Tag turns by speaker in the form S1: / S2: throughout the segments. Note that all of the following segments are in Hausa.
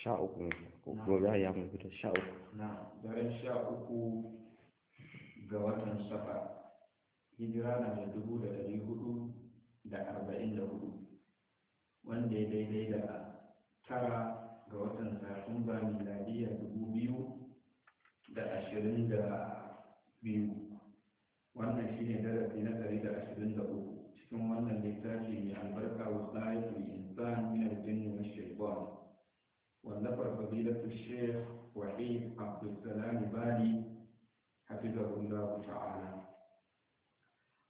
S1: sha uku ko gobe ya mun fita sha uku na daren sha uku ga watan safa hijira na da dubu da dari hudu da arba'in da hudu wanda ya daidai da tara ga watan satumba miladiya dubu biyu da ashirin da biyu wannan shi ne darasi na dari da ashirin da uku cikin wannan littafi mai albarka wasu ayatul الإنسان من الجن والشيطان وذكر فضيلة الشيخ وحيد عبد السلام بالي حفظه الله تعالى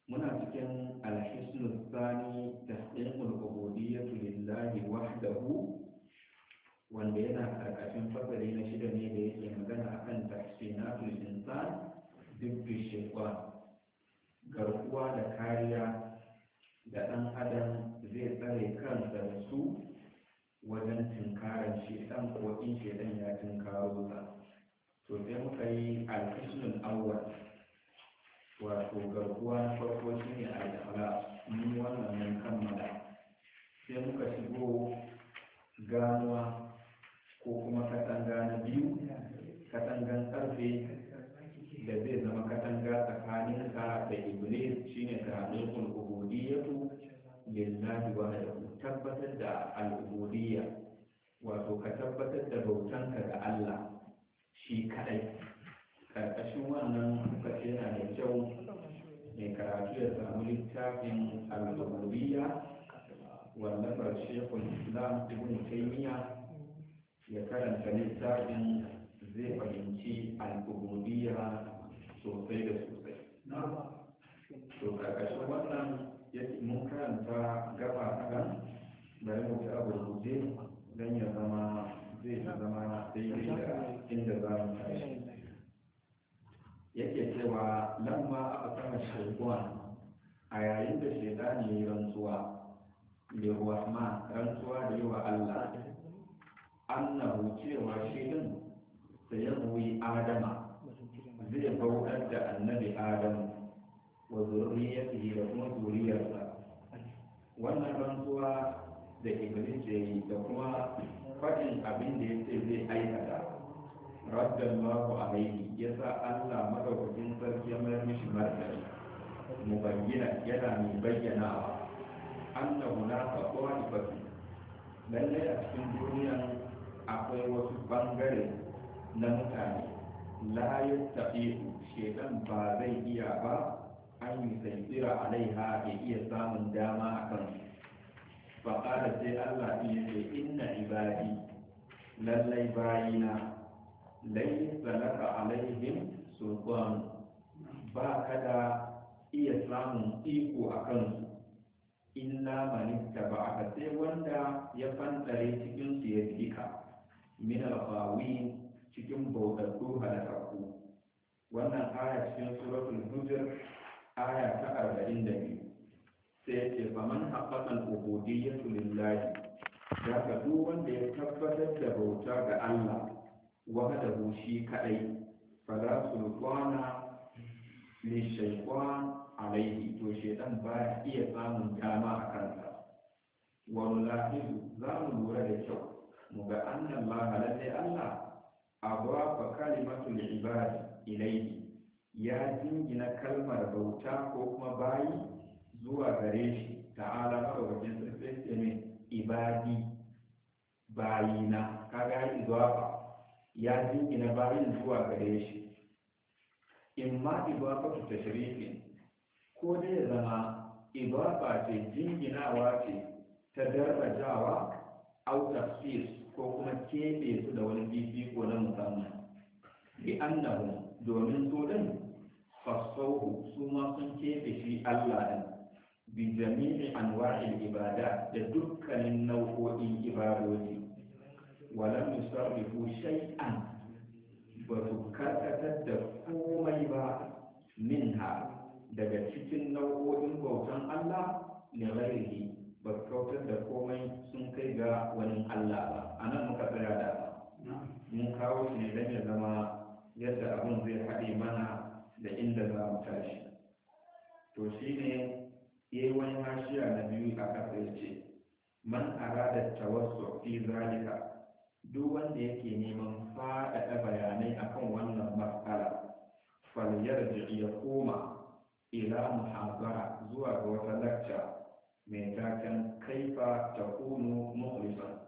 S1: منافقا الحسن الثاني تحقيق العبودية لله وحده wanda yana karkashin fasali na shida ne da yake magana akan tafsinatul garkuwa da kariya da ɗan adam zai tsare kansa da su wajen tunkarar shedan ko in shedan ya tunkaro sa to sai muka yi alkishin awwal wato garkuwa na farko shi ne alkala mun wannan mun kammala sai muka shigo ganuwa ko kuma katanga na biyu katangan karfe da zai zama katanga tsakaninka da iblis shine karatun kulku lillahi alaikum tabbatar da al wato ka tabbatar da bautanka ga Allah shi kadai karkashin wannan kuka yana da kyau mai karatu ya samu littafin al-ubudiyya wallafar shekul islam ibn taymiya ya karanta littafin zai fahimci al sosai da sosai to karkashin wannan mun karanta gaba a kan bari mu ci abu guje don ya zama zai zama daidai da inda za mu tashi yake cewa lamma a kama shaikuwa a yayin da shaidani ya rantsuwa ma rantsuwa da yawa Allah annahu cewa shi din sai ya adama zai bautar da annabi adamu wa zurriyatihi da kuma zuriyarsa wannan rantsuwa da iblis ya yi da kuma faɗin abin da ya ce zai aikata radallahu ya sa Allah madaukakin sarki ya mayar mishi martani mubayyana yana mai bayyanawa annahu la taqwa ibadi lalle a cikin duniyan akwai wasu bangare na mutane la yattaqiu shedan ba zai iya ba an yi tsira alaiha ya iya samun dama a kan faƙada sai Allah ya ce inna ibadi lallai bayina lai salaka alaihim sultan ba ka da iya samun iko a kansu illa manista ba sai wanda ya fantsare cikin su ya fika min alfawi cikin bautattu halakaku wannan aya cikin suratul hujjar aya ta arba'in da biyu sai ya ce faman haɓakan ubudiyyatu lillahi da ka duk wanda ya tabbatar da bauta ga Allah wahdahu shi kadai fala sultana li a alaihi to shaidan ba iya samun dama a kansa Wani mulahizu za mu lura da kyau mu ga annan ma halalle Allah abuwa fa kalimatul ibadi ilaihi ya jingina kalmar bauta ko kuma bayi zuwa gare shi ta'ala madaukakin sarki ya ne ibadi bayina kaga ya ba. ya jingina bayin zuwa gare shi in ma idafa ta tashrifin ko dai zama idafa ce jinginawa ce ta darajawa au tafsir ko kuma kebe su da wani ko na musamman bi annahu domin su din fasauhu su ma sun keɓe shi Allah ɗin bi jami'i anwa'il ibada da dukkanin nau'o'in ibadoji walam yusarrifu shay'an ba su karkatar da komai ba minha daga cikin nau'o'in bautan Allah ne ghairihi ba kautar da komai sun kai ga wani Allah ba a nan muka tsaya da mun kawo shi ne don ya zama yadda abin zai haɗe mana da inda za mu tashi to shi ne wani hashiya na biyu a kasa ya ce man arada tawassu fi zalika duk wanda yake neman faɗaɗa bayanai akan wannan matsala da ya koma ila muhabara zuwa ga wata lacca mai taken kaifa ta kunu mukhlisan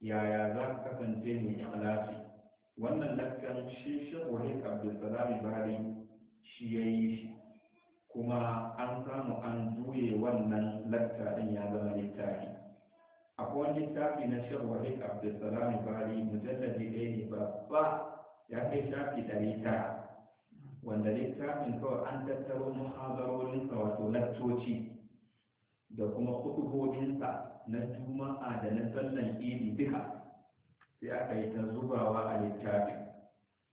S1: yaya za ka kasance mai ikhlasi wannan laccan shi wani abdulsalam bari shi ya yi shi kuma an samu an juye wannan latta ɗin ya zama littafi akwai wani littafi na shan wahid abdulsalam bari mujallabi ɗaya ne babba ya kai shafi ɗari tara wanda littafin kawai an tattaro muhazarorinsa wato lattoci da kuma kutubobinsa na juma'a da na sallan idi duka sai aka yi ta zubawa a littafin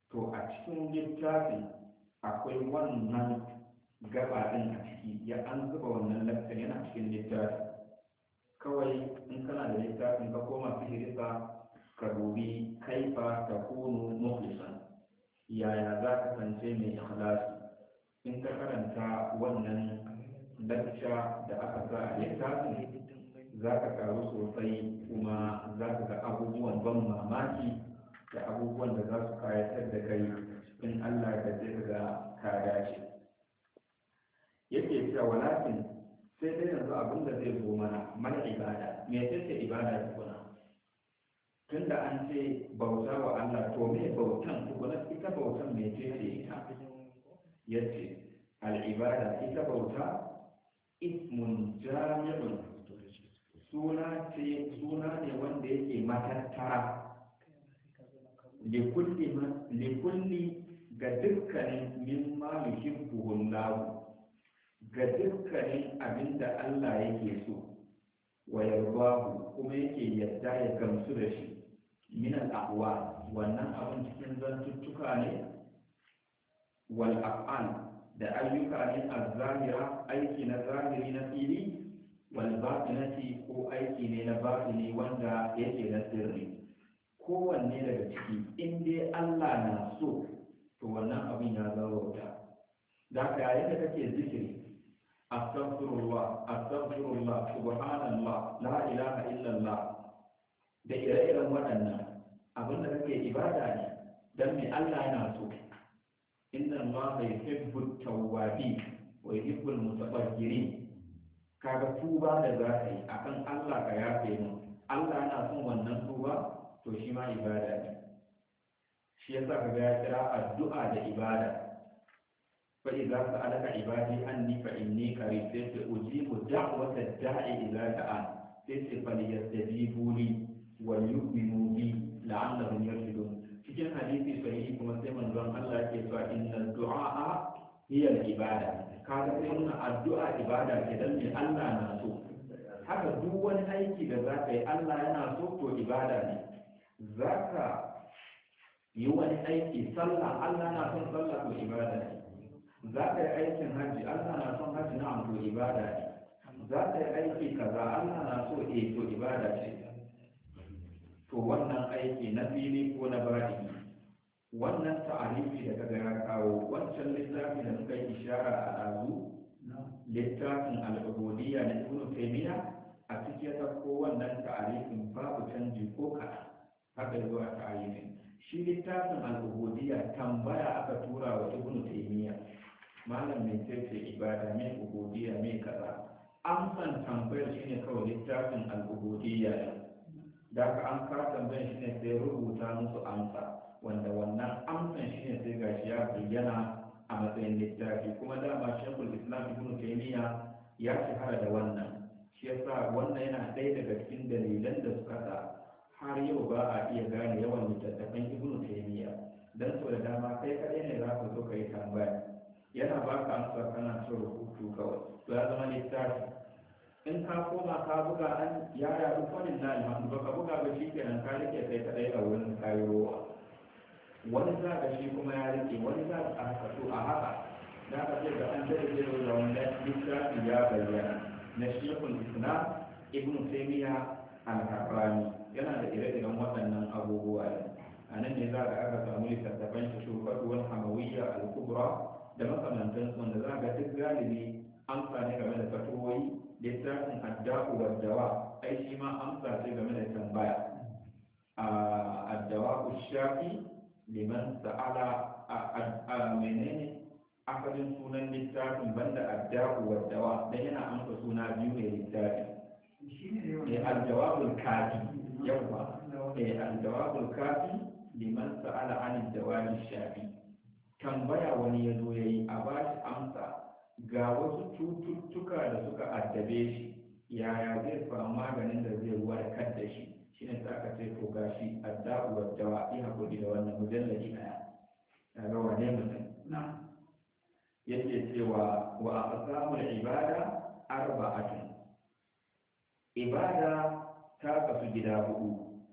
S1: to a cikin littafin akwai wannan gaba din a ciki ya an zuba wannan lakcin yana cikin littafi kawai in kana da littafin ka koma fihirisa ka dubi kaifa ta kunu muhlisan yaya za ka kance mai ikhlasi in ka karanta wannan lakca da aka sa a littafin za ka karu sosai kuma za ka ga abubuwan ban mamaki da abubuwan da za su kayatar da kai in Allah da zai ga ka dace yake cewa walakin sai dai yanzu abin da zai zo mana mana ibada me ce ibada tukuna tunda an ce bauta wa Allah to me bautan tukuna ita bautan me ce ce ita yace al-ibada ita bauta ismun jami'un suna ce suna ne wanda yake matattara likulli ga dukkanin min mimma yuhibbuhun lahu ga dukkanin abinda Allah yake so wa yarbahu kuma yake yadda ya gamsu da shi min al wannan abin cikin zantuttuka ne wal af'al da ayyuka ne az aiki na zahiri na fili wal batinati ko aiki ne na batini wanda yake na sirri kowanne daga ciki in dai Allah na so to wannan abin ya zama wuta. da ka yi da kake zikiri astaghfirullah astaghfirullah subhanallah la ilaha illallah da ire-iren waɗannan abin da kake ibada ne dan me Allah yana so inna Allah yuhibbu tawwabi wa al mutatahhirin kaga tuba da za ka yi akan Allah ka yafe mu Allah yana son wannan tuba to shi ma ibada ne shi yasa ka ga ya kira addu'a da ibada fa idza sa'alaka ibadi anni fa inni qarib sai ujibu da'wata da'i ila ta'an sai fa liyastajibu li wa yu'minu bi la'allahum yarshudun cikin hadisi sahihi kuma sai manzon Allah ke cewa inna du'a hiya al-ibada kaga sai nuna addu'a ibada ke dan ne Allah na so haka duk wani aiki da za ka yi Allah yana so to ibada ne za ka yi wani aiki sallah allah na son sallah ko ibada ne za ka yi aikin hajji allah na son hajji na ko ibada ne za ka yi aiki kaza allah na so eh to ibada ce to wannan aiki na fili ko na baɗi wannan ta'arifi da kaga ya kawo wancan littafin da suka yi ishara a ɗazu littafin al'ubudiyya na ibnu taymiya a cikin ko wannan ta'arifin babu canji ko kaɗan haka zo a ta'arifin shi littafin al tambaya aka tura wa ibn taymiya malam mai tafiya ibada mai ubudiyya mai kaza amsan tambayar shine kawai littafin al ne da aka an tambayar shine sai rubuta musu amsa wanda wannan amsan shine sai gashi ya bayyana a matsayin littafi kuma dama shekul islam ibn taymiya ya shahara da wannan shi yasa wannan yana ɗaya daga cikin dalilan da suka sa har yau ba a iya gane yawan littattafan ibnu taymiya dan so da dama kai kaɗai ne za ka zo ka yi tambaya yana ba ka amsa kana so rubutu kawai to ya zama littafi in ka koma ka buga an ya yaru kwanin na alhamdu ba ka buga ba shi kenan ka rike kai kaɗai a wurin kayowa wani za ka shi kuma ya rike wani za ka haka to a haka za ka ce da an zai zai da wani littafi ya bayyana na kun islam ibnu taymiya alharrani yana da ire-iren waɗannan abubuwa ne a nan ne za ga aka samu littattafan shi shufaduwar hamawiyya al da makamantan wanda za ga duk galibi amsa ne game da fatowoyi littafin adda'u wa dawa ai shi ma amsa ce game da tambaya a addawa shafi liman sa'ala a menene asalin sunan littafin banda adda'u wa dawa dan yana amsa suna biyu ne littafin Eh, kafi الكافي يوم الجواب الكافي liman sa'ala anil dawabi shafi tambaya wani ya yayi a bashi amsa ga wasu cututtuka da suka addabe shi yaya zai samu maganin da zai warkar da shi shine sai aka ce to gashi adda'u wa dawa'i hakuri da wannan mujallali daya daga wane mutum yake cewa wa aqsamul ibada arba'atun ibada ta kasu gida hudu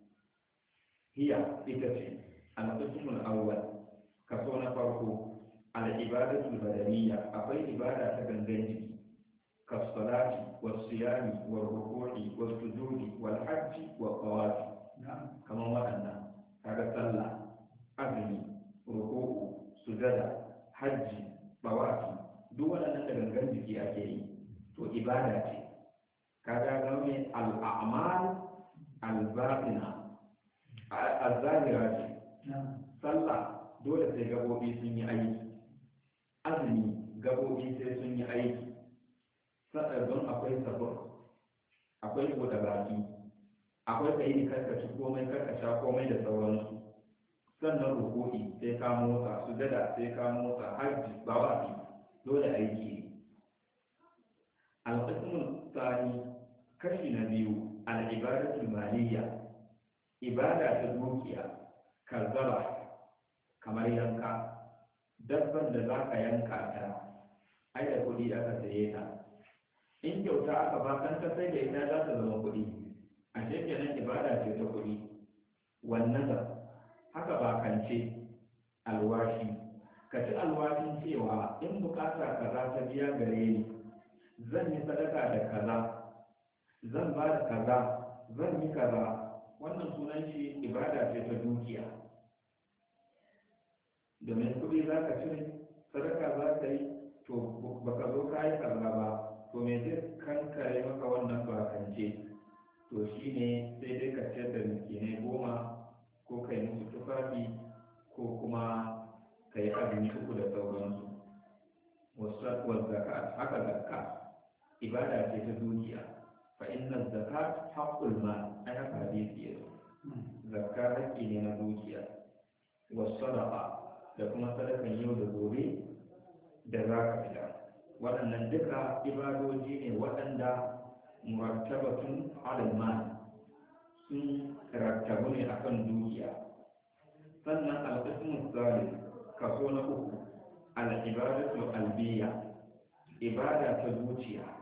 S1: hiya ita ce an tsakusun awal kaso na farko al ibada tu badaniya akwai ibada ta gangan jiki kasalati wasu yari, wa rukuri wasu sujudi wa alhaji wa qawati kama wadanda kaga salla azumi ruku'u sujada hajji bawati duk waɗannan da gangan jiki ake yi to ibada ce kaga ga mai al'amal al-batina al-zahira ce sallah dole sai gabobi sun yi aiki azumi gabobi sai sun yi aiki don akwai sabon akwai ko da baki akwai ka yi karkaci komai karkasha komai da sauransu sannan rukuki sai ka motsa Su dada, sai ka motsa hajji ba dole aiki al-qismu tsari kashi na biyu alibaratun maliyya ibada ta dukiya karzaba kamar yanka dabban da za ka yanka ta aida kuɗi aka saye ta in kyauta aka ba kan ta sai da ita za ta zama kuɗi a shekenan ibada ce ta kuɗi wannan haka ba kance alwashi ka ci alwashin cewa in bukata kaza ta biya gare ni zan yi sadaka da kaza zan ba da kaza zan yi kaza wannan sunan shi ibada ce ta dukiya domin kuɗi za ka cire sadaka za ka yi to ba ka zo ka yi kaza ba to me zai kankare maka wannan bakance to shi ne sai dai ka ciyar da ne goma ko ka yi musu tufafi ko kuma ka yi abinci uku da sauransu wasu haka zaka ibada ce ta dukiya فإن الزكاة حق المال أنا فهديتي zakka haƙƙi ne na dukiya wa sadaqa da kuma sadakan yau da gobe da za ka fita waɗannan duka ibadoji ne waɗanda murattabatun alal mal sun rattabu ne akan dukiya sannan alƙismu zalim kaso na uku al ibadatu albiya ibada ta zuciya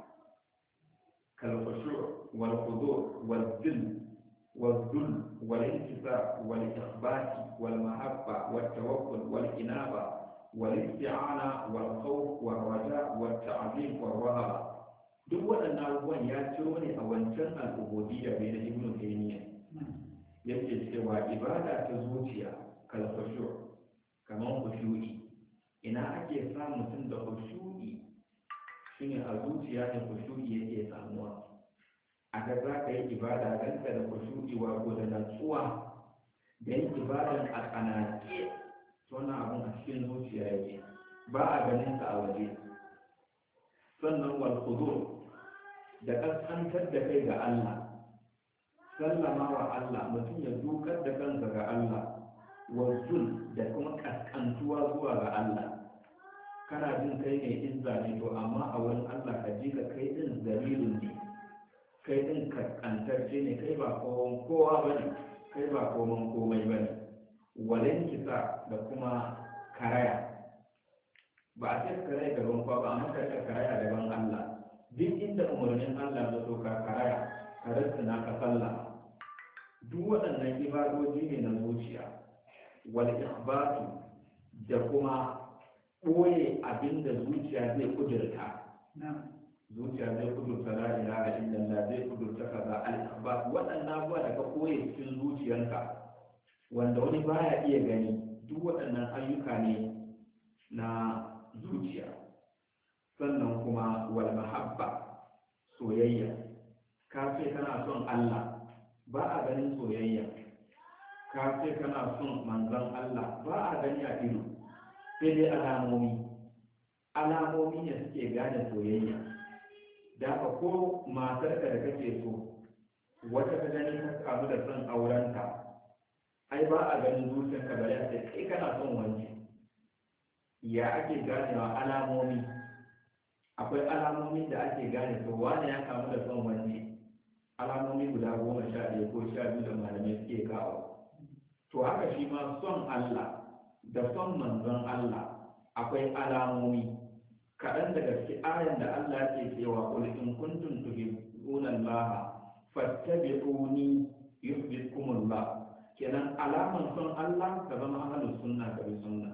S1: كالخشوع والخضوع والذل والذل والانتفاع والإخبات والمحبة والتوكل والإنابة والاستعانة والخوف والرجاء والتعظيم والرهبة duk waɗannan abubuwan ya ciro ne a wancan al'ubudiyya bai na ibnu taymiya yake cewa ibada ta zuciya kal khushu' kamar khushu'i ina ake sa mutum da khushu'i shine a zuciya da kushuri yake samuwa a da za ka yi ibada ganka da kushuri wato da natsuwa da yin ibadan a tsanake tona abin a cikin zuciya yake ba a ganin ka a waje sannan wal da kaskantar da kai ga Allah sallama wa Allah mutum ya dukar da kansa ga Allah wa da kuma kaskantuwa zuwa ga Allah kana jin kai ne in zane to amma a wurin Allah ka ji ka kai din zamirin ne kai din ce ne kai ba kowon kowa ba ne kai ba kowon komai ba ne walin kisa da kuma karaya ba a cika karaya da ruwan ba amma karka karaya daban Allah duk inda umarnin Allah ya so ka karaya ka rasa na ka sallah duk waɗannan ibadoji ne na zuciya wal ihbatu da kuma ɓoye abin da zuciya zai kudurta zuciya zai kudurta la ilaha illallah zai kudurta kaza al ba waɗannan abubuwa da ka koye cikin zuciyarka wanda wani baya iya gani duk waɗannan ayyuka ne na zuciya sannan kuma wal mahabba soyayya ka ce kana son Allah ba a ganin soyayya ka ce kana son manzon Allah ba a gani a ido sai dai alamomi alamomi ne suke gane soyayya da ka ko ka da kake so wata ka gani ka kamu da son aurenta ai ba a ganin ka bari a ce kai kana son wani ya ake ganewa alamomi akwai alamomi da ake gane to wani ya kamu da son wani alamomi guda goma sha ɗaya ko sha biyu da malamai suke kawo to haka shi ma son Allah da son manzon Allah akwai alamomi kaɗan daga cikin ayan da Allah ke cewa qul in kuntum tuhibbuna Allah fattabi'uni yuhibbukum Allah kenan alaman son Allah ka zama ahlus sunna ka sunna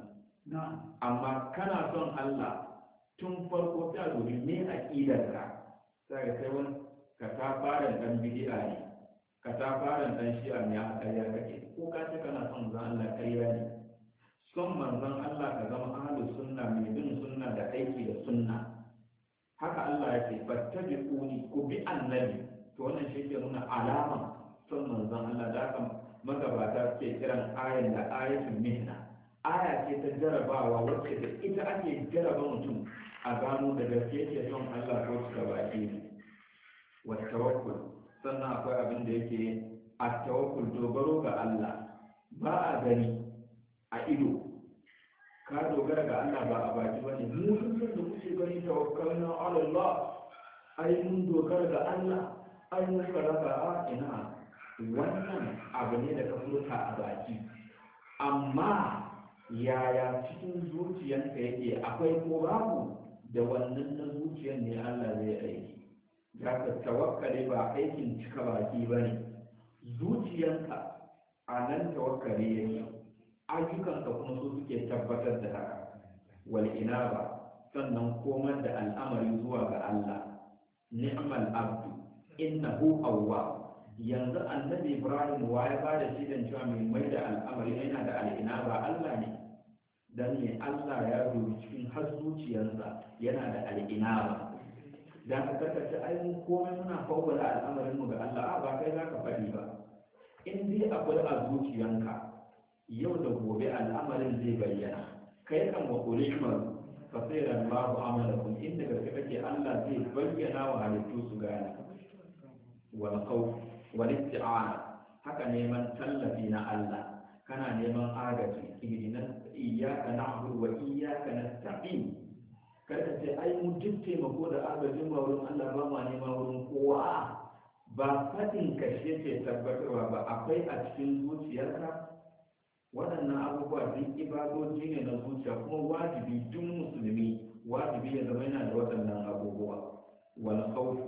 S1: amma kana son Allah tun farko ta gobe ne ka sai ka wani ka ta fara dan bid'a ne ka ta fara dan shi'a ne a kariya kake ko ka ce kana son zan Allah kariya ne son manzon Allah ka zama ahlus sunna mai bin sunna da aiki da sunna haka Allah ya ce fattabi'uni ku bi annabi to wannan shi ke nuna alama son manzon Allah da kan magabata suke kiran ayan da ayatul mihna aya ce ta jarabawa wacce da ita ake jaraba mutum a gano da gaske ke son Allah ko cika baki ne wa tawakkul sannan akwai abin da yake a tawakkul dogaro ga Allah ba a gani a ido ka dogara ga Allah ba a baki ba ne mu dukkan da kuke gani tawakkalna ala Allah ai mun dogara ga Allah ai mun karaba a ina wannan abu ne da ka furta a baki amma yaya cikin zuciyanka yake akwai ko da wannan na zuciyar ne Allah zai aiki za ka tawakkale ba aikin cika baki ba ne zuciyanka a nan tawakkale yake ayyukanka kuma su suke tabbatar da haka wal inaba sannan komar da al'amari zuwa ga Allah ni'mal abdu innahu awwa yanzu annabi Ibrahim wa ya shi dan cewa mai mai da al'amari yana da inaba Allah ne dan ne Allah ya dubi cikin har zuciyarsa yana da inaba dan ka karkace ai mun komai muna fawwala al'amarin mu ga Allah a ba kai zaka faɗi ba in dai akwai a zuciyanka yau da gobe al'amarin zai bayyana kai kan wa kulishman fasirar babu amalakum inda gaske ke Allah zai bayyana wa halittu su gane Wani khawf wani haka neman tallafi na Allah kana neman agaji iyaka na abubuwa, wa na tafi? kada ce ai mu duk taimako da agajin ba wurin Allah ba ma nema wurin kowa ba fadin kashe ce tabbatarwa ba akwai a cikin zuciyarka waɗannan abubuwa duk ibadoji ne na zuciya kuma wajibi duk musulmi wajibi ya zama yana da waɗannan abubuwa wani khawfu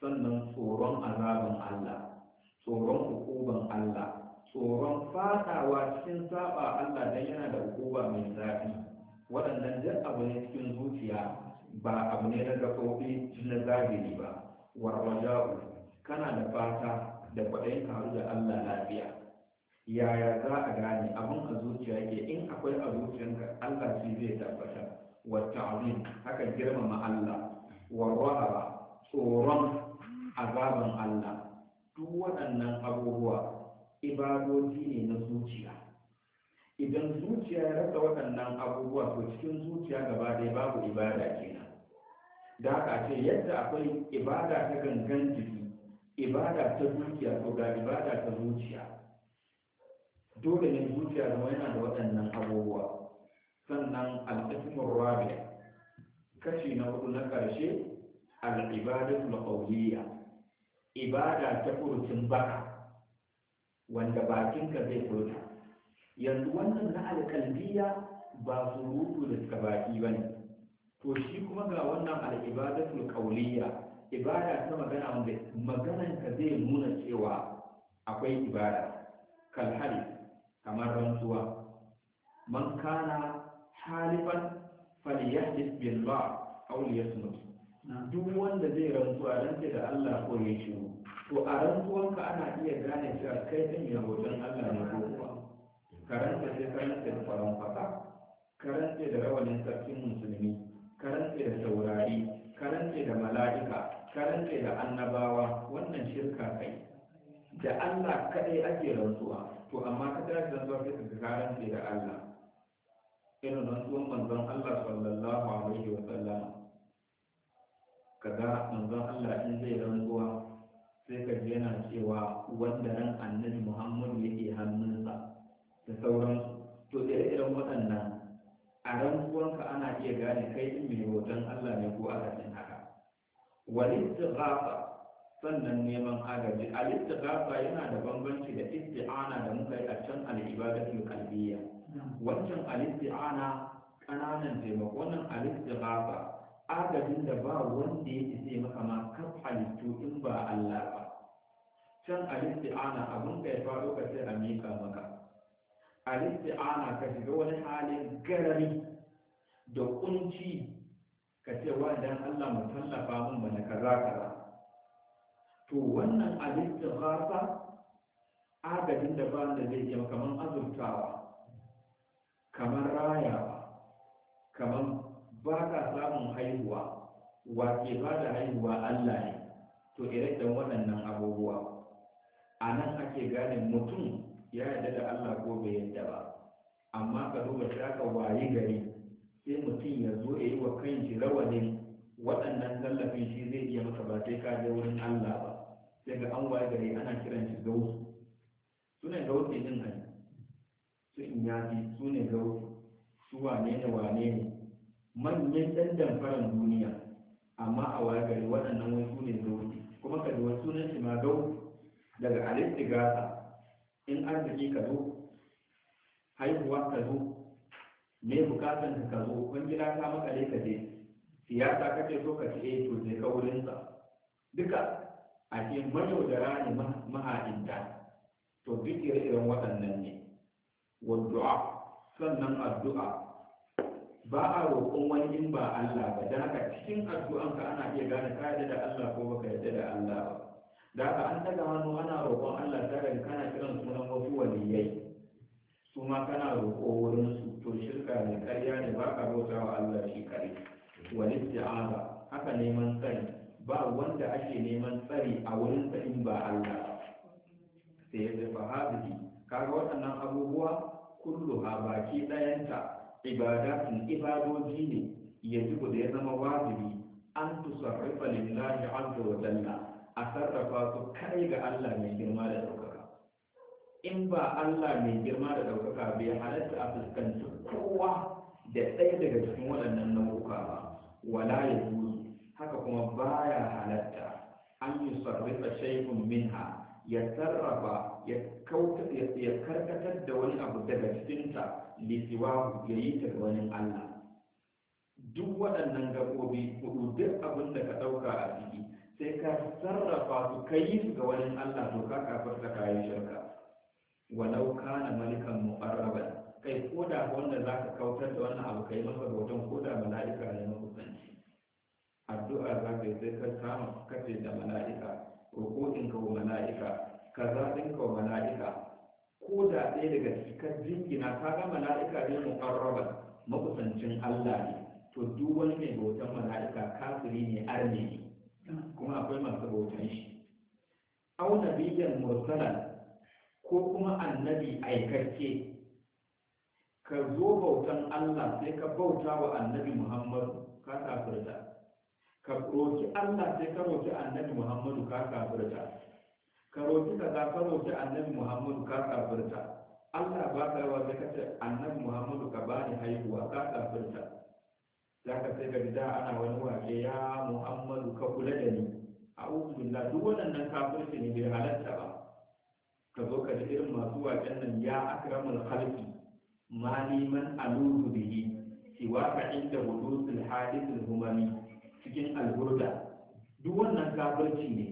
S1: sannan tsoron azabin Allah tsoron hukuban Allah tsoron fadawa cikin saba Allah dan yana da hukuba mai zafi waɗannan duk abu ne cikin zuciya ba abu ne na gaɓoɓi na zahiri ba warwaja'u kana da fata da kwaɗayin karu da Allah lafiya yaya za a gane abin a zuciya yake in akwai a zuciyanka Allah shi zai tabbata wata abin haka girmama Allah wa ba tsoron azaban Allah duk waɗannan abubuwa ibadoji ne na zuciya idan zuciya ya rasa waɗannan abubuwa to cikin zuciya gaba ɗaya babu ibada kenan da haka ce yadda akwai ibada ta gangan jiki ibada ta zuciya to ga ibada ta zuciya dole ne zuciya zama yana da waɗannan abubuwa sannan al'ismur rabi kashi na hudu na ƙarshe al'ibadatul qawliya ibada ta furucin baka wanda bakinka zai furta yanzu wannan na alƙalbiya ba surutu da suka baki ba ne to shi kuma ga wannan al'ibadatul qawliya ibada ta magana wanda maganarka zai nuna cewa akwai ibada kalhari kamar rantsuwa man kana halifan falyahdith billah aw liyasmut duk wanda zai rantsuwa dan da Allah ko ya shiru to a rantsuwanka ana iya gane cewa kai dan ya hoton Allah ne ko kuwa karanta sai karanta da faran fata karanta da rawanin sarkin musulmi karanta da saurari karanta da mala'ika karanta da annabawa da Allah kadai ake rantsuwa to amma ka tashi rantsuwa sai ka karanta da Allah irin rantsuwan manzon Allah sallallahu alaihi wa sallam kaga manzon Allah in zai rantsuwa sai ka ji yana cewa wanda ran annabi Muhammad yake hannunsa da sauran to da irin waɗannan a ka ana iya gane kai in mai hoton Allah ne ko aka cin haka wani istighafa sannan neman agaji al-istighatha yana da bambanci da isti'ana da muka yi a can al-ibadatu qalbiyya wancan al-isti'ana kananan taimako wannan al-istighatha agajin da ba wanda ya ce maka ma kan halittu in ba Allah ba can al-isti'ana abin da ya faru ka sai a mika maka al-isti'ana ka shiga wani halin garari da kunci ka ce wa dan Allah mu tallafa mun bana kaza kaza to wannan al rasa agajin da ba da zai yi kamar azurtawa kamar raya kamar ba ka samun haihuwa wa ba da haihuwa Allah ne to ire da waɗannan abubuwa a nan ake gane mutum ya yarda da Allah ko bai yadda ba amma ka duba shi aka waye gari sai mutum ya zo ya yi wa sai ka je wurin Allah ba sai ga an waye gari ana kiran shi gausu sunan ne gausu din nan su in yaji su ne gausu su wane ne wane ne manyan dan faran duniya amma a waye gari waɗannan wani sunan ne gausu kuma ka ji wani sunan shi ma gausu daga gasa. in arziki ka zo haihuwa ka zo me bukatan ka zo kun gida ka makale ka je siyasa kake so ka ce eh, to je ka wurin sa duka a ke mayaudara ne maha'inta to duk irin waɗannan ne wadda'a sannan addu'a ba a roƙon wani in ba Allah ba don haka cikin ka ana iya gane ka yarda da Allah ko baka yarda da Allah ba da haka an daga hannu ana roƙon Allah ta daga kana kiran sunan wasu waliyai su ma kana roƙo wurin su to shirka ne karya ne ba ka bauta wa Allah shi kare walisti'aza haka neman sani ba wanda ake neman tsari a wurin sa in ba Allah sai ya zafa hadisi kaga waɗannan abubuwa kulluha baki ɗayanta Ibadatin ibadoji ne yajibu da ya zama wajibi an tusarrifa lillahi azza wa jalla a sarrafa su kai ga Allah mai girma da ɗaukaka in ba Allah mai girma da ɗaukaka bai halatta a fuskanci kowa da ɗaya daga cikin waɗannan nau'uka ba wala ya zuzu haka kuma baya halatta an yi sarrafa shaikun minha ya sarrafa ya karkatar da wani abu daga cikinta lisiwa ya yi ta wani allah duk waɗannan gaɓoɓi hudu duk abin da ka ɗauka a ciki sai ka sarrafa su ka yi su ga wani allah to ka kafar ka yi shirka walau kana malikan muqarraban kai ko da wanda zaka kautar da wannan abu kai masa hoton ko mala'ika ne makusanci addu'a za ka yi sai ka samu kace da mala'ika rukunin ka wa mala'ika ka za ka wa mala'ika ko da ɗaya daga cikin jingina ka ga mala'ika ne ƙarraba makusancin Allah ne to duk wani mai bautan mala'ika kafiri ne arne ne kuma akwai masu bautan shi aw nabiyyan mursalan ko kuma annabi aikakke ka zo bautan Allah sai ka bauta wa annabi Muhammadu ka kafirta ka roki Allah sai ka roƙi annabi Muhammadu ka kafirta ka ka ka roki annabi Muhammadu ka kafirta Allah ba ka yawa sai ka ce annabi Muhammadu ka bani haihuwa ka kafirta za ka sai ka da ana wani wake ya Muhammadu ka kula da ni a'udhu billah duk wannan kafirci ne bai halatta ba ka zo ka ji irin masu waken nan ya akramul khalqi maliman aluhu bihi siwa ka inda hudusul hadithul humami cikin alburda duk wannan gabarci ne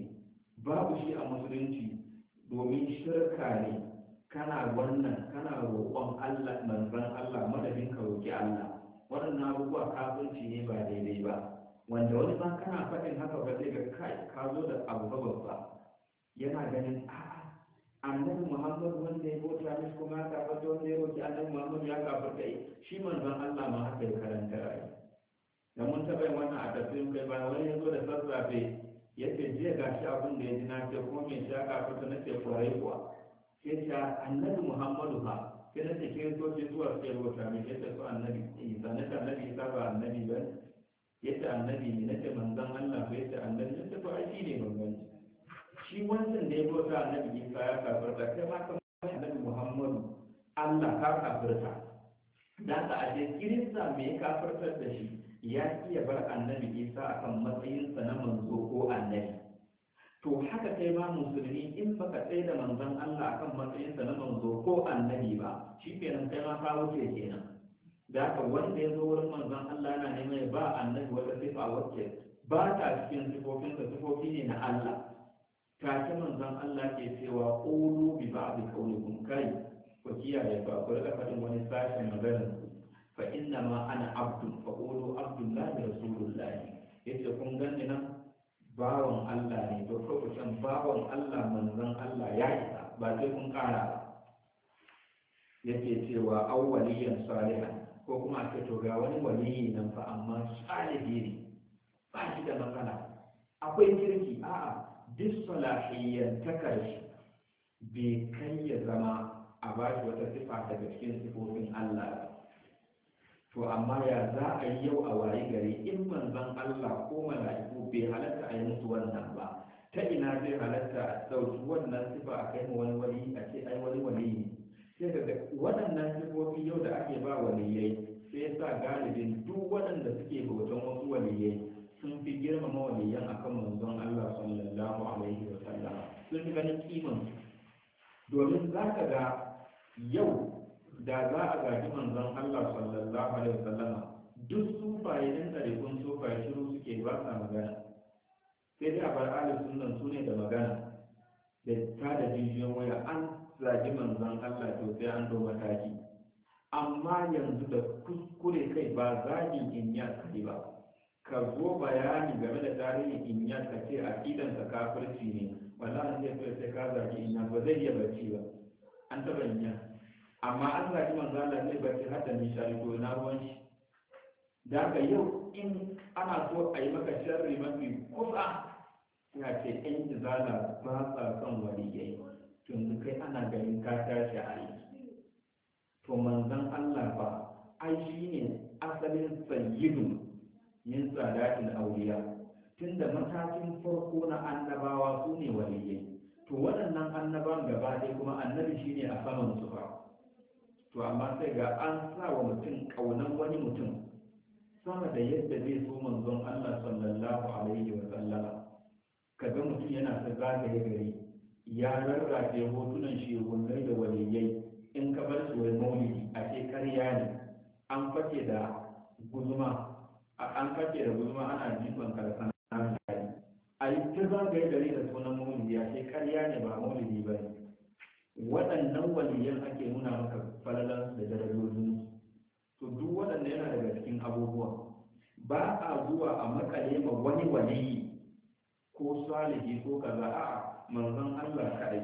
S1: babu shi a musulunci domin shirka ne kana wannan kana roƙon Allah manzan Allah madadin ka roƙi Allah waɗannan abubuwa kafirci ne ba daidai ba wanda wani ma kana faɗin haka ba zai ga kai ka zo da abu babba yana ganin annabi muhammad wanda ya bauta mishi kuma ya gafarta wanda ya roƙi annabi muhammad ya gafarta shi manzan allah ma haka ya karanta rayu da mun taɓa yin wannan a tafsirin kai bayan wani ya zo da sassafe ya ce jiya ga shi abin da ya ji na ce ko mai shaka fata na ce kwarai kuwa sai ce annabi muhammadu ha, ke na ce ce zuwa suke rubuta mai ya ce su annabi isa na ce annabi isa ba annabi ba ya ce annabi ne na ce manzan allah ba ya ce annabi na ce to ne shi ne manzan shi wancan da ya zo ta annabi isa ya ta kai ma kan annabi muhammadu allah ka kafirta da ta ashe kirista me ya kafar da shi ya iya bar annabi isa akan matsayinsa na manzo ko annabi to haka kai ma musulmi in baka tsaye da manzon Allah akan matsayinsa na manzo ko annabi ba shi kenan kai ma ka wuce kenan da haka wanda ya zo wurin manzon Allah na neman ya ba annabi wata sifa wacce ba ta cikin sifofinsa sifofi ne na Allah take manzon Allah ke cewa a bi ba'd qawlikum kai ku kiyaye ba ku rika faɗin wani sashen maganar fa inna ma ana abdun fa qulu abdullahi rasulullahi yace kun ganni nan bawan Allah ne to ko kusan bawon Allah manzon Allah ya isa ba sai kun kara ba cewa awwaliyan salihan ko kuma aka to ga wani waliyi nan fa amma salihi ne ba shi da matsala akwai kirki a'a duk salahiyyan ta karshe bai kai ya zama a bashi wata sifa daga cikin sifofin Allah ba to amma ya za a yi yau a waye gari, in manzon Allah ko mala'iku bai halatta a yi musu wannan ba ta ina zai halatta a ɗauki wannan sifa a kai wani wali a ce ai wani wali ne sai da waɗannan sifofi yau da ake ba waliyai sai ya sa galibin duk waɗanda suke bautan wasu waliyai sun fi girmama waliyan akan manzon Allah sallallahu alaihi wa sallam sun fi ganin kiman domin za ka ga yau da za a gaji manzon Allah sallallahu alaihi wasallam duk sufaye ɗin ɗarikun sufaye shiru suke ba sa magana sai dai a bar sunnan su ne da magana da ta da waya an zagi manzon Allah to sai an ɗau mataki amma yanzu da kuskure kai ba zagin inya kai ba ka zo bayani game da tarihin inyar ka ce a ka kafirci ne wala an ce sai ka zagi inya ba zai iya bacci ba an taɓa inya amma an zaɓi manzo Allah zai bar hatta ni shari ko na ruwan shi da ga yau in ana so a yi maka sharri mafi kusa ina ce yan izala ba sa son waliyai yanzu kai ana ganin ka tashi a yi to manzon Allah ba ai shine asalin sayyidu min sadatil awliya tunda matakin farko na annabawa su ne waliyai to waɗannan annabawan gaba ɗaya kuma annabi shine a saman su ba to amma sai ga an sa wa mutum ƙaunar wani mutum sama da yadda zai so manzon Allah sallallahu alaihi wa sallama kaga mutum yana ta zagaye gari ya rarrafe hotunan shegunnai da waliyai in ka bar su wai maulidi a ce karya ne an fake da guzuma an fake da guzuma ana jifan karsan an ai ta zagaye gari da sunan maulidi a ce karya ne ba maulidi ba ne waɗannan waliyan ake nuna maka falalan da darajojin to duk waɗanda yana daga cikin abubuwa ba a zuwa a makale ma wani waliyi ko salihi ko kaza a manzon Allah kaɗai.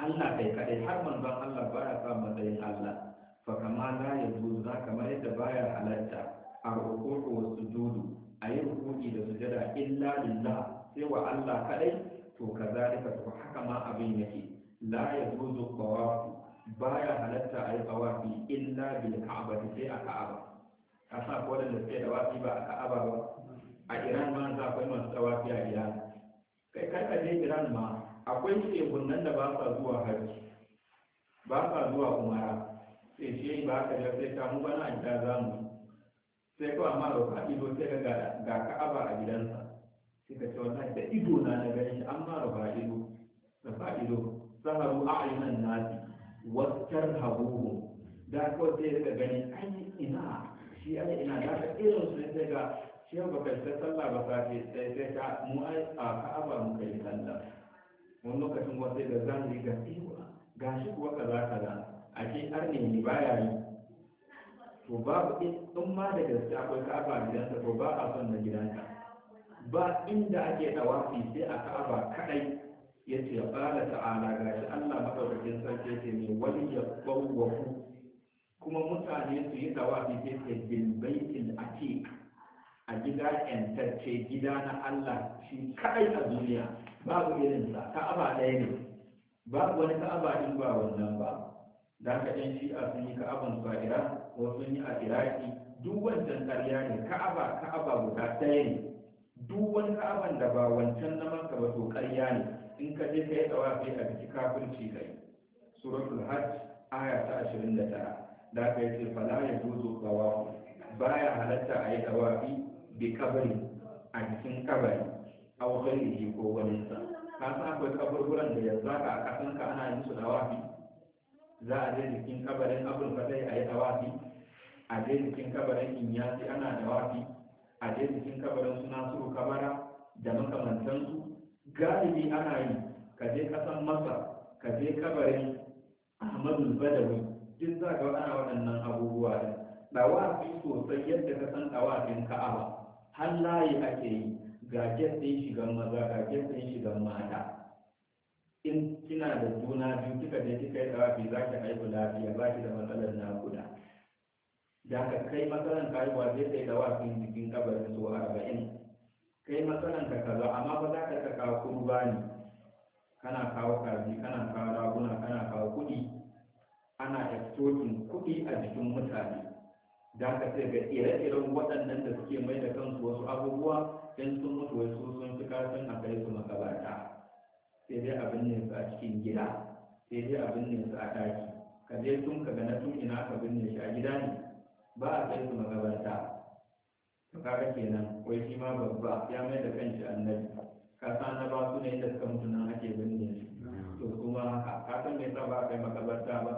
S1: Allah kai kaɗai har manzon Allah ba ya sa matsayin Allah fa kama la yajuzu za kama yadda baya halatta a rukuku wa sujudu a yi rukuki da sujada illa lillah sai wa Allah kaɗai to kazalika to haka ma abin yake la ya zuzu kawafi ba ya halatta a yi kawafi illa bil ka'aba sai a ka'aba a sa ko da sai da wafi ba a ka'aba ba a iran ma za akwai masu tawafi a iran kai kai ka je iran ma akwai shehunan da ba sa zuwa hajji ba sa zuwa umara sai shi ba ka je sai ka mu bana a gida za mu sai kawai ma wani ido sai ga ga ka'aba a gidansa sai ka ce wannan da ido na na gani an ma ba ido da ido zaharu ainihin nasi waskar haguhu da ko sai daga gani ai ina shi ai ina da ka irin su ne ga shi ba kai ta tsalla ba safe sai sai ta mu a ka'aba mu kai tsalla wani lokacin wasu da zan yi ga ga shi kuwa kaza kaza ce arne ne baya yi to babu in ma da gaske akwai ka'aba a gidansa to ba a son na gidansa ba inda ake tawafi sai a ka'aba kadai yace qala ta'ala gashi Allah madaukakin sarki yake ne wani ya bawwafu kuma mutane su yi ke ke bil baitil atiq a gida yantacce gida na Allah shi kai a duniya babu irin sa ka'aba ɗaya ne babu wani ka'aba din ba wannan ba da ka ɗan a sun yi ka'aban su a Iraq wasu sun yi a Iraki duk wancan ƙarya ne ka'aba ka'aba guda ɗaya ne duk wani ka'aban da ba wancan na maka ba to ƙarya ne in ka je kai tawafi a biki kafirci kai suratul hajj aya ta 29 da aka yace fala ya juzu tawafu baya halatta a yi tawafi bi kabari a cikin kabari aw ghairihi ko wani sa ka san akwai kaburburan da yanzu haka a kasan ka ana yin su tawafi za a je jikin kabarin abin fadai a yi tawafi a je jikin kabarin inyasi ana tawafi a je jikin kabarin suna suru kabara da makamantansu galibi ana yi ka je kasan masa ka je kabarin ahmadu badawi duk za ga ana waɗannan abubuwa da ɗawafi sosai yadda ka san ɗawafin ka'aba har layi ake yi ga ɗin shigan maza ga ɗin shigan mata in kina da juna biyu kika je kika yi tsawafi za ki haihu lafiya za ki da matsalar nakuda da ka kai matsalar haihuwa zai kai dawafin jikin kabarin su arba'in kai matsalan ka kaza amma ba za ka ta kawo ne kana kawo kaji kana kawo raguna kana kawo kuɗi ana extorting kuɗi a jikin mutane da ka sai ga ire-iren waɗannan da suke mai da kansu wasu abubuwa in sun mutu wai su sun fi kafin a kai su makabarta sai dai abin ne su a cikin gida sai dai abin ne su a taki ka je tun ka ga na tun ina ka binne shi a gida ne ba a kai su makabarta to kaga kenan wai shi ma babba ya mai da kanshi annabi ka san na ba su ne da suka mutu nan ake binne shi to kuma haka ka san me yasa ba kai makabarta ba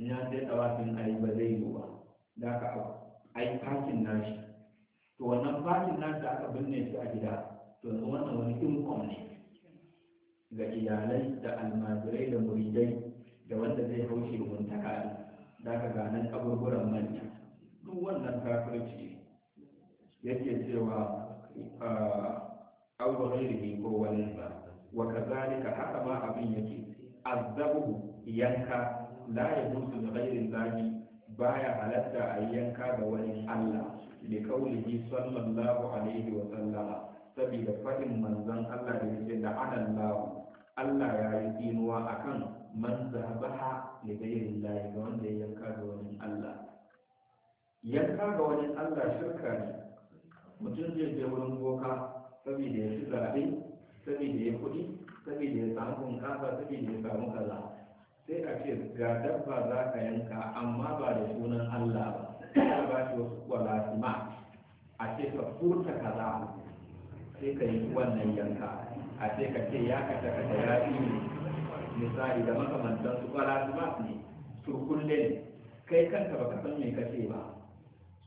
S1: in an je tawafin ai ba zai yi ba da ka ai fakin nashi to wannan fakin nashi da aka binne shi a gida to yanzu wannan wani income ne ga iyalai da almajirai da muridai da wanda zai haushe kare da ka nan kaburburan manya duk wannan kafirci yake cewa an ah, gwarirhi ko wani ba wa kazalika haka ma abin yake azabu yanka la ya mutu da gairin zaki baya halatta a yanka ga wani allah da kaulihi sallallahu alaihi wa sallama saboda faɗin manzon allah da yake da anallahu allah ya yi tsinuwa akan man zabaha da gairin zaki ga wanda ya yanka ga wani allah yanka ga wani allah shirka ne mutum zai je wurin boka saboda ya fi zaɓe saboda ya kuɗi saboda ya samu bunƙasa saboda ya samu kaza sai a ce ga dabba za ka yanka amma ba da sunan Allah ba ya ba shi wasu kwalasima a ce ka furta kaza sai ka yi wannan yanka a ce ka ce ya kata kata ya fi misali da makamantan su kwalasima ne su kulle kai kanka ka san me kace ba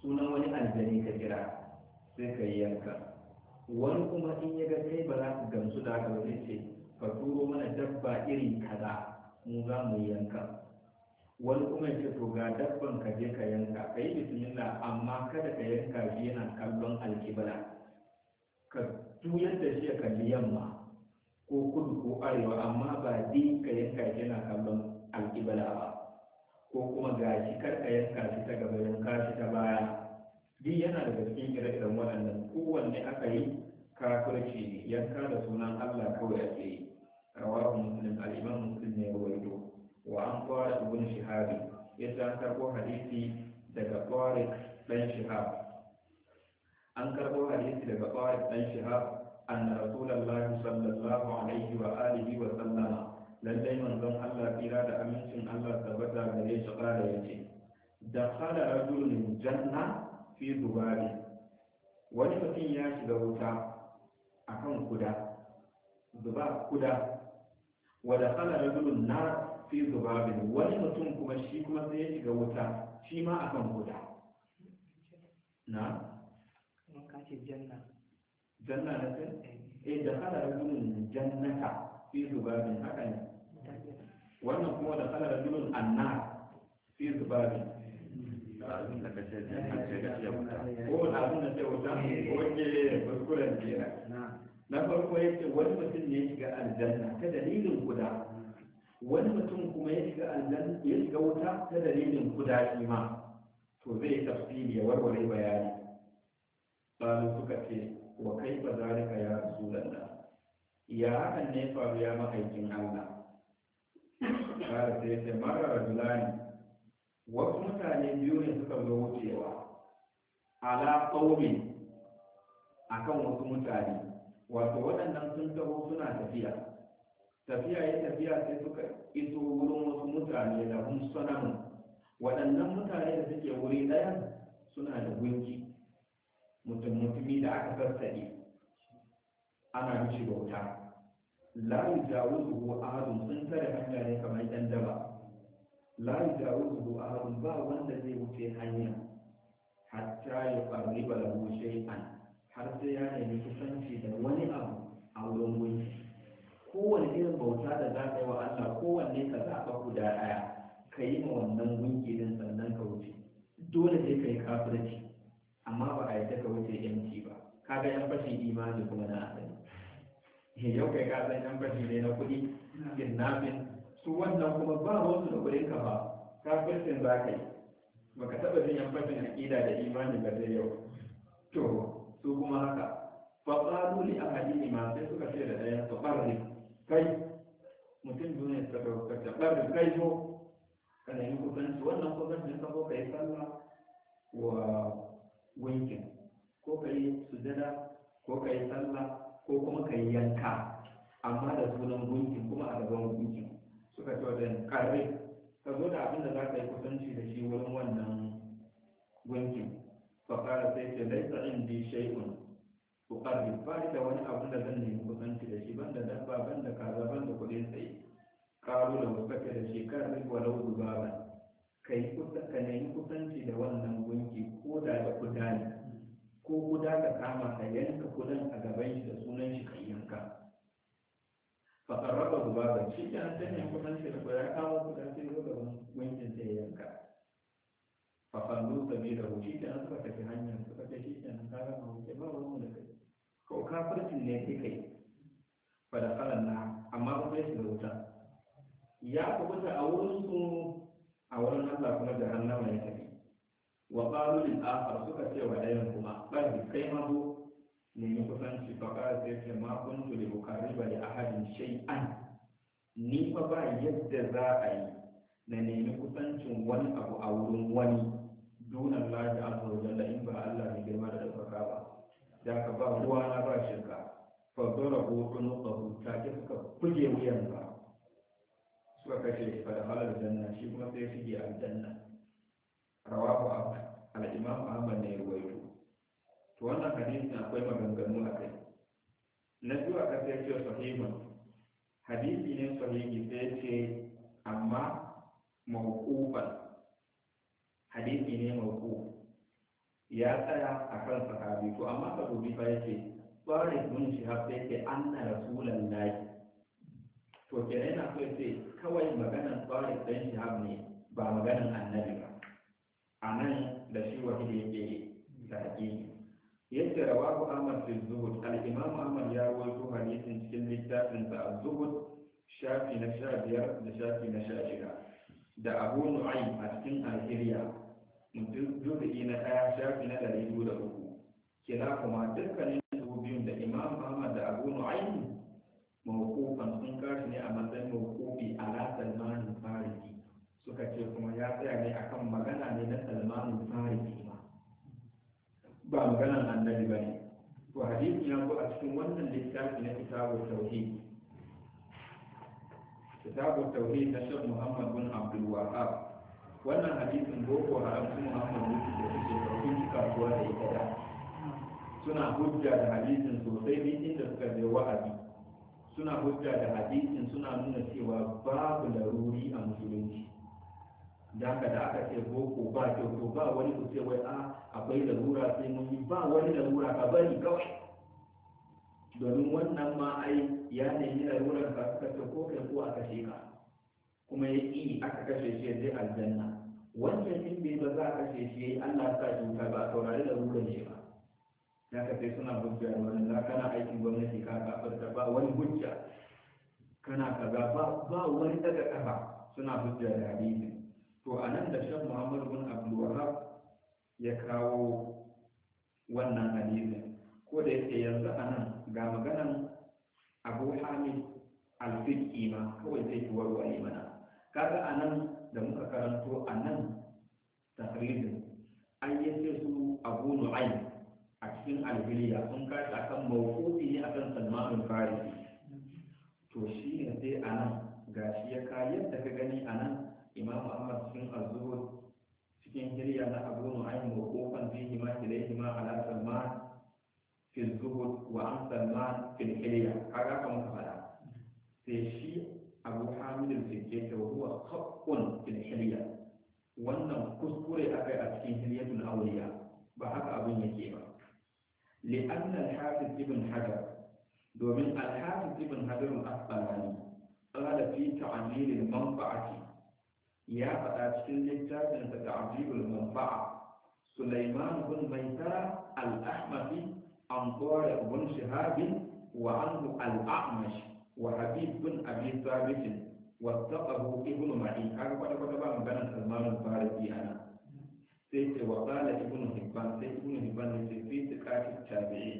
S1: sunan wani aljani ka kira sai ka yi yanka wani kuma in ya ga kai ba za ku gamsu da haka ba zai ce ka turo mana dabba iri kaza mu za mu yanka wani kuma ce to ga dabban ka je ka yanka ka yi bismillah amma kada ka yanka shi yana kallon alkibla ka tuyar da shi ya kalli yamma ko kudu ko arewa amma ba dai ka yanka shi yana kallon alkibla ba ko kuma ga shi kar ka yanka shi ta gaba yanka shi ta baya duk yana daga cikin ire-iren waɗannan kowanne aka yi kafirci ne yanka da sunan Allah kawai ake yi rawahu muslim al-imam muslim ne rawaito wa an fara ibn shihab yace an karbo hadisi daga qariq dan shihab an karbo hadisi daga qariq dan shihab anna rasulullahi sallallahu alaihi wa alihi wa sallama lallai manzon Allah tsira da amincin Allah tabbata gare shi kara yace dakhala rajulun janna fi dubari wani mutum ya shiga wuta a kan kuda zuba kuda wadda kala rajulun na fi zubabin wani mutum kuma shi kuma sai ya shiga wuta shi ma a kan kuda na? kashe janna janna na sai? eh, eh da kala rajulun jannata fi zubabin haka ne wannan kuma da kala rajulun annar fi zubabin daga ce jihar ce da ke wuta ko na abin da ke wuta wanke kuskuren kenan na farko ya ce wani mutum ne ya shiga aljanna ta dalilin guda wani mutum kuma ya shiga aljanna ya shiga wuta ta dalilin guda shi ma to zai tafsiri ya warware bayani ɗanu suka ce wa kai ba zalika ya rasulallah ya hakan ne faru ya ma'aikin Allah ƙara sai ce mara rajulani wasu mutane biyu ne suka zo wucewa ala a kan wasu mutane wato waɗannan sun taho suna tafiya tafiya ya tafiya sai suka iso wurin wasu mutane da hun sanamu waɗannan mutane da suke wuri ɗaya suna da gunki mutum mutumi da aka sassaɗe ana mishi bauta la ko ahadun sun tare hanya ne kamar ɗan daba la a ahadun ba wanda zai wuce hanya hatta ya da lahu an har sai ya nemi kusanci da wani abu a wurin gunki kowane irin bauta da za ka yi wa Allah kowanne ka zaɓa guda ɗaya ka yi ma wannan gunki din sannan ka wuce dole sai ka yi kafirci amma ba a yi ka wuce yanci ba kaga yan fashin imani kuma na asali yau kai ka san yan fashi ne na kuɗi kidnapping su wannan kuma ba wasu da wurin ka ba kafircin za ka yi baka taɓa jin yammacin aƙida da imanin ba zai yau to su kuma haka ne a hadini ma sai suka ce da ɗayan su ɓarri kai mutum duniya suka ɗaukar da ɓarri kai ko ka yi kusanci wannan kusanci ne ka yi sallah wa wankin ko ka yi sujada ko ka yi sallah ko kuma ka yi yanka amma da sunan gunkin kuma a gaban gunkin suka ce wajen karbe ka zo da abin da za ka yi kusanci da shi wurin wannan gunkin fakara sai ce bi indi shay'un ukarbi ba da wani abin da zan nemi kusanci da shi banda dabba banda kaza banda kuɗin tsaye karo da wasu wasaka da shi shekarar walau dubaban ka yi ka nemi kusanci da wannan gunki ko da da kuda ne ko kuda ka kama ka yanka kudan a gaban shi da sunan shi ka yanka fa qarraba zubaban shi ke an tanya kudan shi da ya kawo kudan sai zo gaban wankin sai yanka fa fallu sabila shi ke an suka tafi hanyar suka ce shi ke an kaga ma wuce ba wani da kai ko kafircin ne ke kai ba da kalan na amma ba kai shiga wuta ya ku wuta a wurin su a wurin Allah kuma jahannama ya tafi wa qalu lil akhar suka ce wa kuma bai kai ma zo nemi kusanci faƙara sai ce ma kuntu li ukariba da ahadin shay'an ni fa ba yadda za a yi na nemi kusancin wani abu a wurin wani dunan lahi azza wa jalla in ba Allah mai girma da ɗaukaka ba da ka ba ruwa na ba shirka fa dora kuno ka ta ke suka buge wuyan ba suka kashe fa da halar janna shi kuma sai shige aljanna rawahu al-imam Ahmad ne ya rawaito to wannan hadisi akwai maganganu a kai na biyu a ƙasa ya ce sahihun hadisi ne sahihi sai ce amma mawqufan hadisi ne mawquf ya tsaya a kan sahabi to amma ka dubi fa yake tsarin mun shi har sai ce anna rasulan lahi to kenan na so ce kawai maganar tsarin shi shihab ne ba maganar annabi ba a nan da shi wahili yake da hakiki yadda rawahu ahmad bin zuhud al-imam ya rawaito hadisin cikin littafin sa az-zuhud shafi na sha biyar da shafi na sha shida da abu nu'aym a cikin alhiriya mutum juzu'i na ɗaya shafi na ɗari biyu da uku kila kuma dukkanin su biyun da imam ahmad da abu nu'aym mawqufan sun kashi ne a matsayin a ala salman farisi suka ce kuma ya tsaya ne akan magana ne na salman farisi ba maganar annabi ba ne to hadisi ya zo a cikin wannan littafi na kitabun tauhid kitabun tauhid na shan muhammad bin abdul wahab wannan hadisin boko haram su muhammad mutu da suke karfin kasuwa da ita da suna hujja da hadisin sosai duk inda suka je wa'azi suna hujja da hadisin suna nuna cewa babu laruri a musulunci da aka da aka ce boko ba kyau to ba wani ku ce wai a akwai lalura sai mun yi ba wani lalura ka bari kawai domin wannan ma ai ya nemi lalurar ka suka ce ko kai ko a kashe ka kuma ya ƙi aka kashe shi zai aljanna wannan in bai ba za a kashe shi Allah sa shi ka ba saurari lalurar shi ba na ka sai suna hujja da wani za kana aikin gwamnati ka kafarta ba wani hujja kana kaza ba wani daga kafa suna hujja da hadisi to a nan da shan muhammad bin abdulwahab ya kawo wannan hadisin ko da yake yanzu a nan ga maganan abu hamid alfiƙi ma kawai zai yi warware mana kaga a nan da muka karanto a nan tahririn an yi sai su abu nu'ai a cikin albiliya sun kashi akan mawqufi ne kan salmanin farisi to shi ne sai a nan ga shi ya kayan da ka gani a nan imam ahmad cikin azhur cikin hirya na abu nu'aym wa qufan fihi ma ilayhima ala salman fi zuhud wa an salman fi hirya kaga kan muka fada sai shi abu hamid al-fikke ta huwa khaqqun fi hirya wannan kuskure akai a cikin hiryatul awliya ba haka abin yake ba لأن الحافظ ابن حجر دومين الحافظ ابن حجر الأسقلاني قال في تعليل المنفعة ya faɗa cikin littafin da ta'jibul manfa'a Sulaiman bin Maitara al-Ahmadi an qara ibn Shihab wa anhu al-A'mash wa Habib bin Abi Thabit wa taqahu ibn Ma'in har kwata kwata ba maganar Salman al-Farisi ana sai ce wa qala ibn Hibban sai ibn Hibban ne ce fi tiqatit tabi'i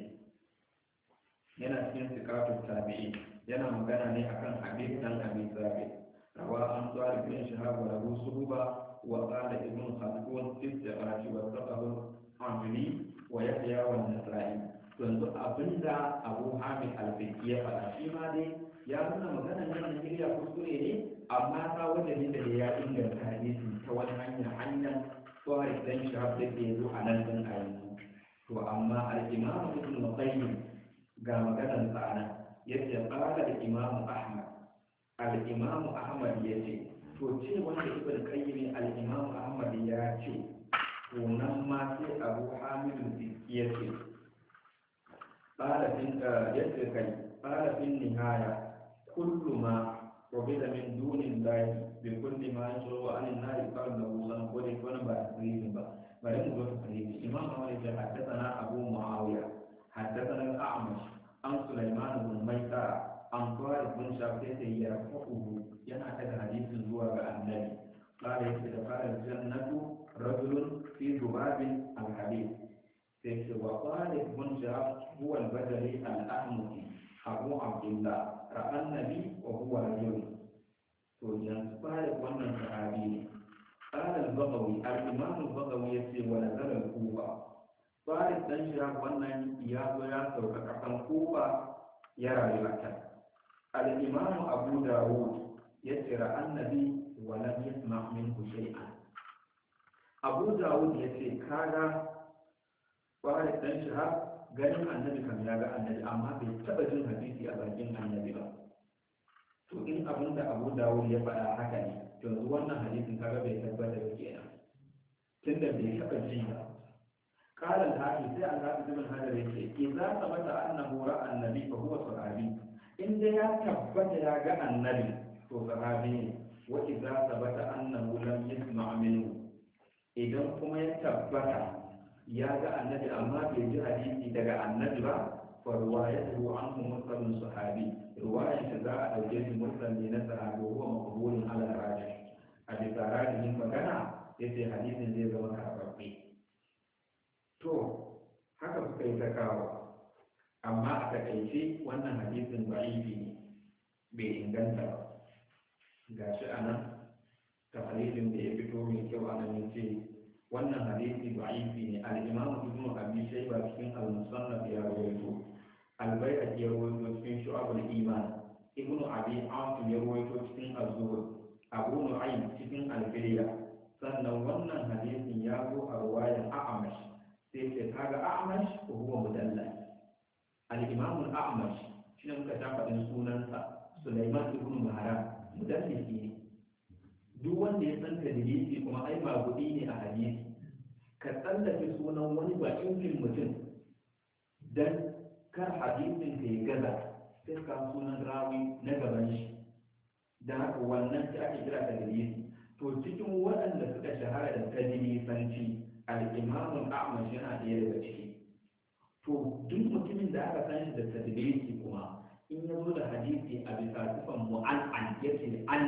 S1: yana cikin tiqatit tabi'i yana magana ne akan Habib dan Abi Thabit an tsari bin shahabu da gusu ruba wa tsada ibn khalifun tifta a shi wa amini wa ya fiya wa nasrani yanzu abin da abu hami alfiki ya faɗa shi ma dai ya nuna magana nan na iya kuskure ne amma ta wanda ne da ya inganta hadisi ta wani hanyar hanyar tsari gidan shahabu da ke yanzu a nan din a to amma al'imamu ibn musayyib ga maganar tsara, yadda tsara da imamu ahmad al’imam Ahmad ya ce, to ce wanda ibn kayyim al’imam Ahmad ya ce, ko nan ma masu abu hamilu ya ce, ƙarafin eh, nihaya kullu ma kwafi da min dunin layi bai kundi ma yin tsoro a na yi kwarin da wuzan kodin wani ba a tsirin ba bari mu zuwa tsirin imam kamar yake haddasa na abu ma'awiya haddasa na ka'amashi an sulaiman bin tsara. an kawai bin shafi ta yi yarfa'uhu yana daga hadisin zuwa ga annabi ya ce da fara jannatu rajulun fi dubabin al-hadid sai ce wa qala bin shafi huwa al-badali al-ahmudi abu abdullah ra'an nabi wa huwa rajulun to yanzu fara wannan sahabi ne قال البغوي الإمام البغوي يسير ونزل الكوفة فارس دنشرا wannan ya zo ya sauka kasan kufa ya rayu a can al-imam abu dawud ya tira annabi wa lam yasma minhu shay'an abu dawud ya ce kaga fara dan shahab ganin annabi kan ya ga annabi amma bai taba jin a bakin annabi ba to in abin da abu dawo ya faɗa haka ne yanzu wannan hadisin kaga bai tabbata ba kenan tunda bai taba ji ba قال الهادي سأل هذا ابن هذا يقول mata ثبت أنه رأى النبي فهو صحابي in dai ya tabbata ya ga annabi to sahabi ne wa idza sabata annahu lam yasma minhu idan kuma ya tabbata ya ga annabi amma bai ji hadisi daga annabi ba fa ruwayatuhu anhu mursalun sahabi ruwayar da za a dauke shi mursal ne na sahabi huwa maqbulun ala rajih a bisa rajihin magana yace hadisin zai zama karɓaɓɓe to haka suka yi ta kawo amma a takaice wannan hadisin da'ifi ne bai inganta ba ga shi a nan tafsirin da ya fito mai kyau a nan yace wannan hadisi da'ifi ne al-imam ibn abi shaiba cikin al-musannaf ya rawaito al-bayhaqi ya rawaito cikin shu'abul iman ibn abi asim ya rawaito cikin az-zuhd abu nu'aym cikin al sannan wannan hadisin ya zo a ruwayan a'amash sai ce kaga a'amash ko huwa mudallal al-imam shi ne muka ta sunansa sulaiman ibn muharram mudallisi ne duk wanda ya san tadlisi kuma ai ba gudi ne a hadisi ka tsallake sunan wani bakin injin mutum dan kar hadisin ka ya gaza sai ka sunan rawi na gaban shi da haka wannan ta ake kira tadlisi to cikin waɗanda suka shahara da tadlisanci al Al'imamin ahmad yana ɗaya daga ciki to duk mutumin da aka san shi da tadlisi kuma in ya zo da hadisi a bisa sifan mu'al'an ya ce an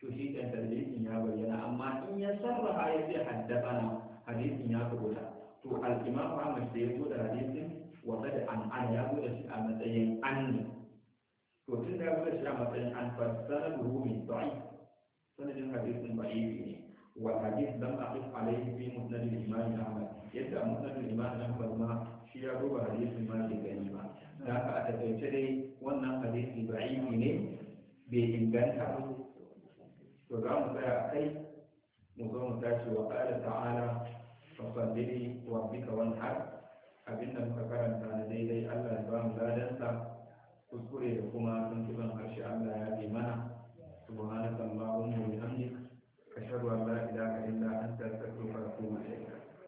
S1: to shi kan tadlisin ya bayyana amma in ya sarrafa ya ce haddasa hadisin ya kubuta to al-imam Ahmad da ya zo da hadisin wata da an an ya zo da shi a matsayin an ne to tun da ya zo da shi a matsayin an fassara da rumi da'i sanadin hadisin ba'ifi ne Wa hadis lam aqif alayhi fi musnad al-imam Ahmad yadda musnad al-imam Ahmad ma shi ya duba hadisin ma bai gani ba da haka a takaice dai wannan hadisi yi ne bai inganta ba to za mu tsaya a kai mu zo mu tashi wa ƙara ta'ala fasallili wa bika wani har
S2: abinda muka karanta na daidai allah ya ba mu ladansa
S1: kuskure da kuma tuntuban harshe Allah ya bi mana subhanaka allahumma wa bihamdika ashhadu an la ilaha illa anta astaghfiruka wa atubu ilayk